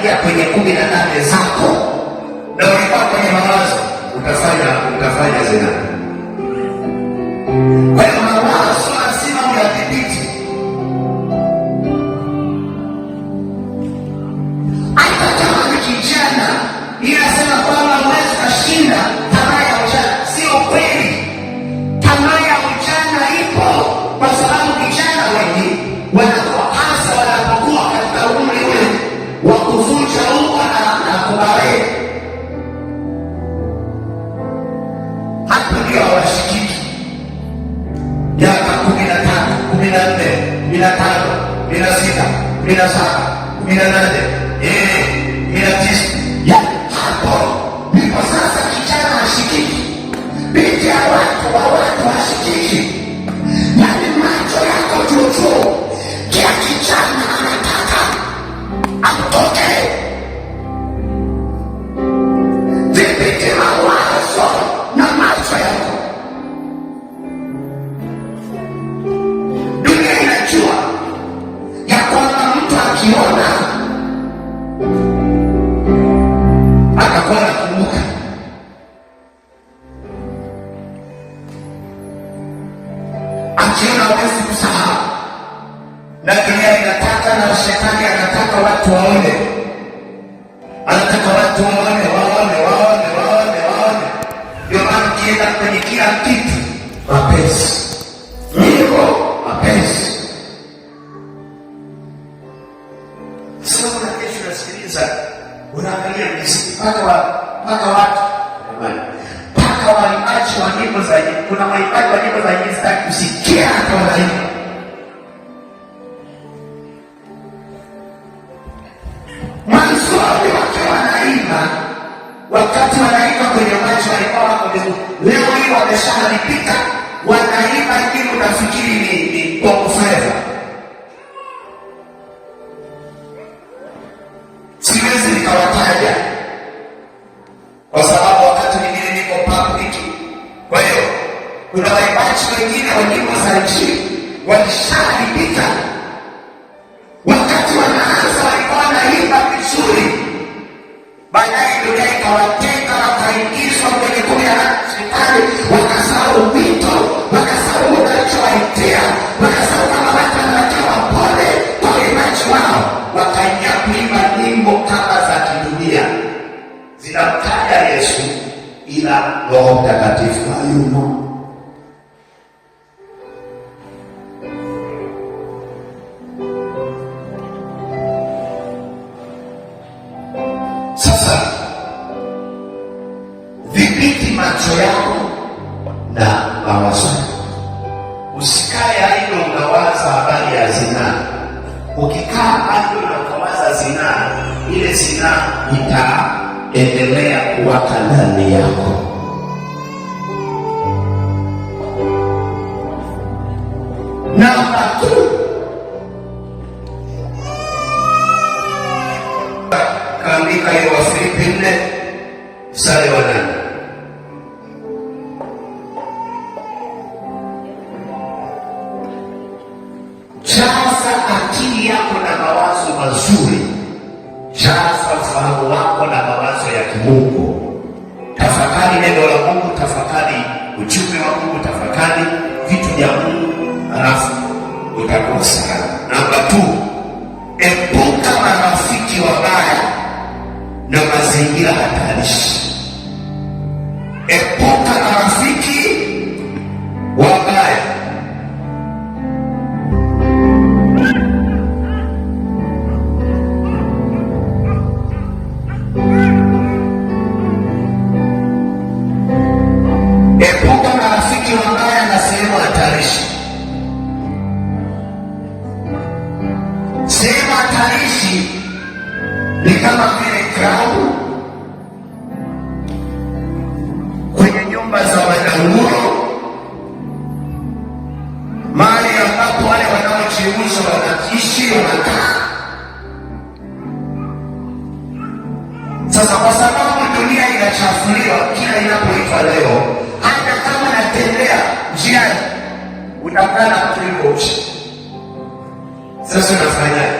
unaingia kwenye kumi na nane zako na ulikaa kwenye mawazo, utafanya utafanya zina Minante, Minatano, Minasita, Minasaka, Minanate, Ere, Minatis, barabara, kumbuka achana, hawezi kusahau na dunia inataka na shetani anataka watu waone, anataka watu waone, waone, waone, waone, waone. Ndio maana ukienda kwenye kila kitu mapesi niko mpaka watu mpaka waimbaji wa nyimbo za kuna waimbaji wa nyimbo za injili sitaki kusikia hata wanaimba mwanzoni, wakiwa wanaimba, wakati wanaimba kwenye maji walikuwa wako vizuri. Leo hii wameshaharibika, wanaimba ili unafikiri ni kwa kufeva Kuna waimbaji wengine wa nyimbo za nchi walishalipita wakati ile silaha itaendelea kuwaka ndani yako. Namba tu kaandika hiyo Wafilipi nne mstari wa nane jaza akili yako na mawazo mazuri Jaza ufahamu wako na mawazo ya kimungu. Tafakari neno la Mungu, tafakari ujumbe wa Mungu, tafakari vitu vya Mungu, halafu utakuwa salama. Namba tu, epuka marafiki wabaya na mazingira hatarishi. nyumba za wanauhuru, mahali ambapo wale wanaojiuza wanaishi wanakaa. Sasa kwa sababu dunia inachafuliwa kila inapoitwa leo, hata kama natembea njiani unakana kuliko uchi. Sasa unafanyaje?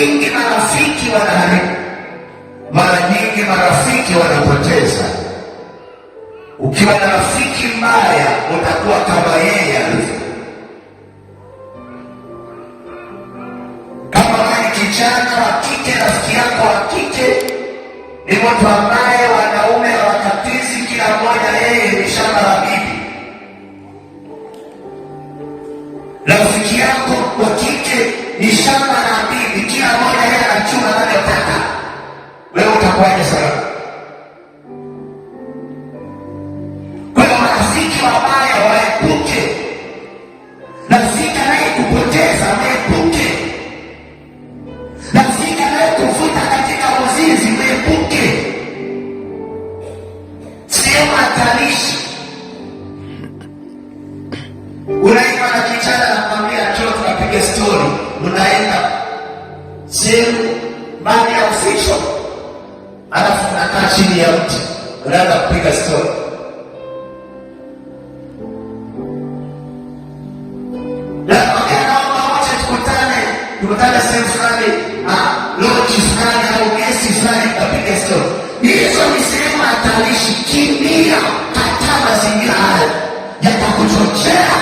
nyingi marafiki wanaharibu, mara nyingi marafiki wanapoteza. Ukiwa na rafiki mbaya utakuwa kama yeye alivyo. Kama wewe kijana wa kike, rafiki yako wa kike ni mtu ambaye wanaume hawakatizi, kila mmoja yeye ni shamba la bibi. Rafiki yako wa kike ni shamba wewe utakuwaje salama? Kwa hiyo marafiki wabaya waepuke, na rafiki anayekupoteza waepuke, na rafiki anayekuvuta katika uzinzi waepuke, sehemu hatarishi. Unaima na kijana nakwambia, njoo tunapiga stori, unaenda sehemu mali ya uficho alafu nakaa chini ya mti, unaanza kupiga stori. tukutane, sehemu fulani, ah, loji fulani au fulani, kapiga stori. Hizo ni sehemu hatarishi. mazingira hayo yatakuchochea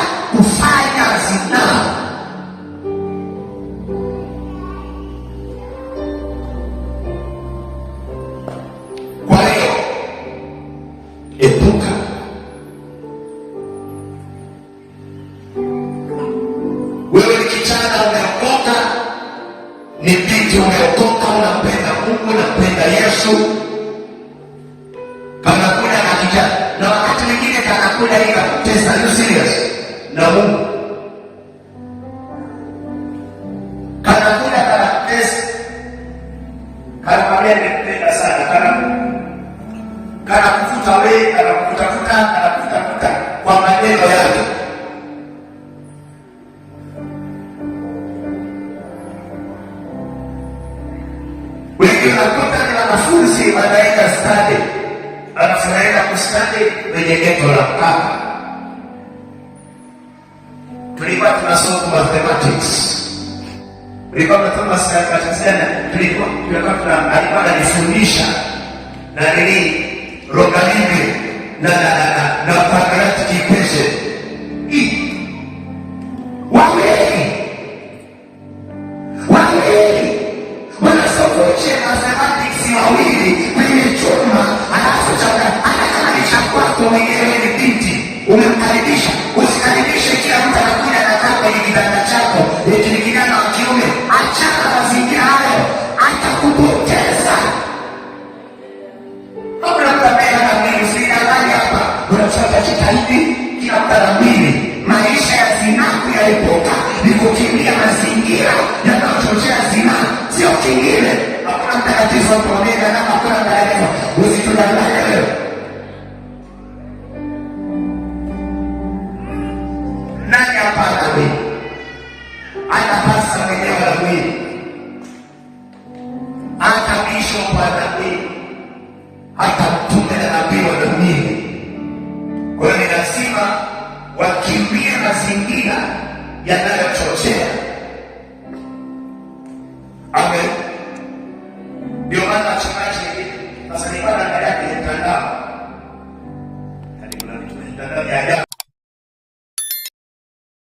Wewe ni kijana umeokoka, ni binti umeokoka, unampenda Mungu, unampenda Yesu Wawili wanaenda stadi, alafu naenda kustadi kwenye geto la Mkapa. Tulikuwa tunasoma mathematics, tulikuwa tunasoma mathematics tulikuwa tulikuwa tuna alikuwa ananifundisha na nini logarithmi na na na quadratic equation hii wao mbili. maisha ya zinaa kuyaepuka ni kukimbia mazingira yanayochochea zinaa, sio kingine. Hakuna mtakatifu wa y andar en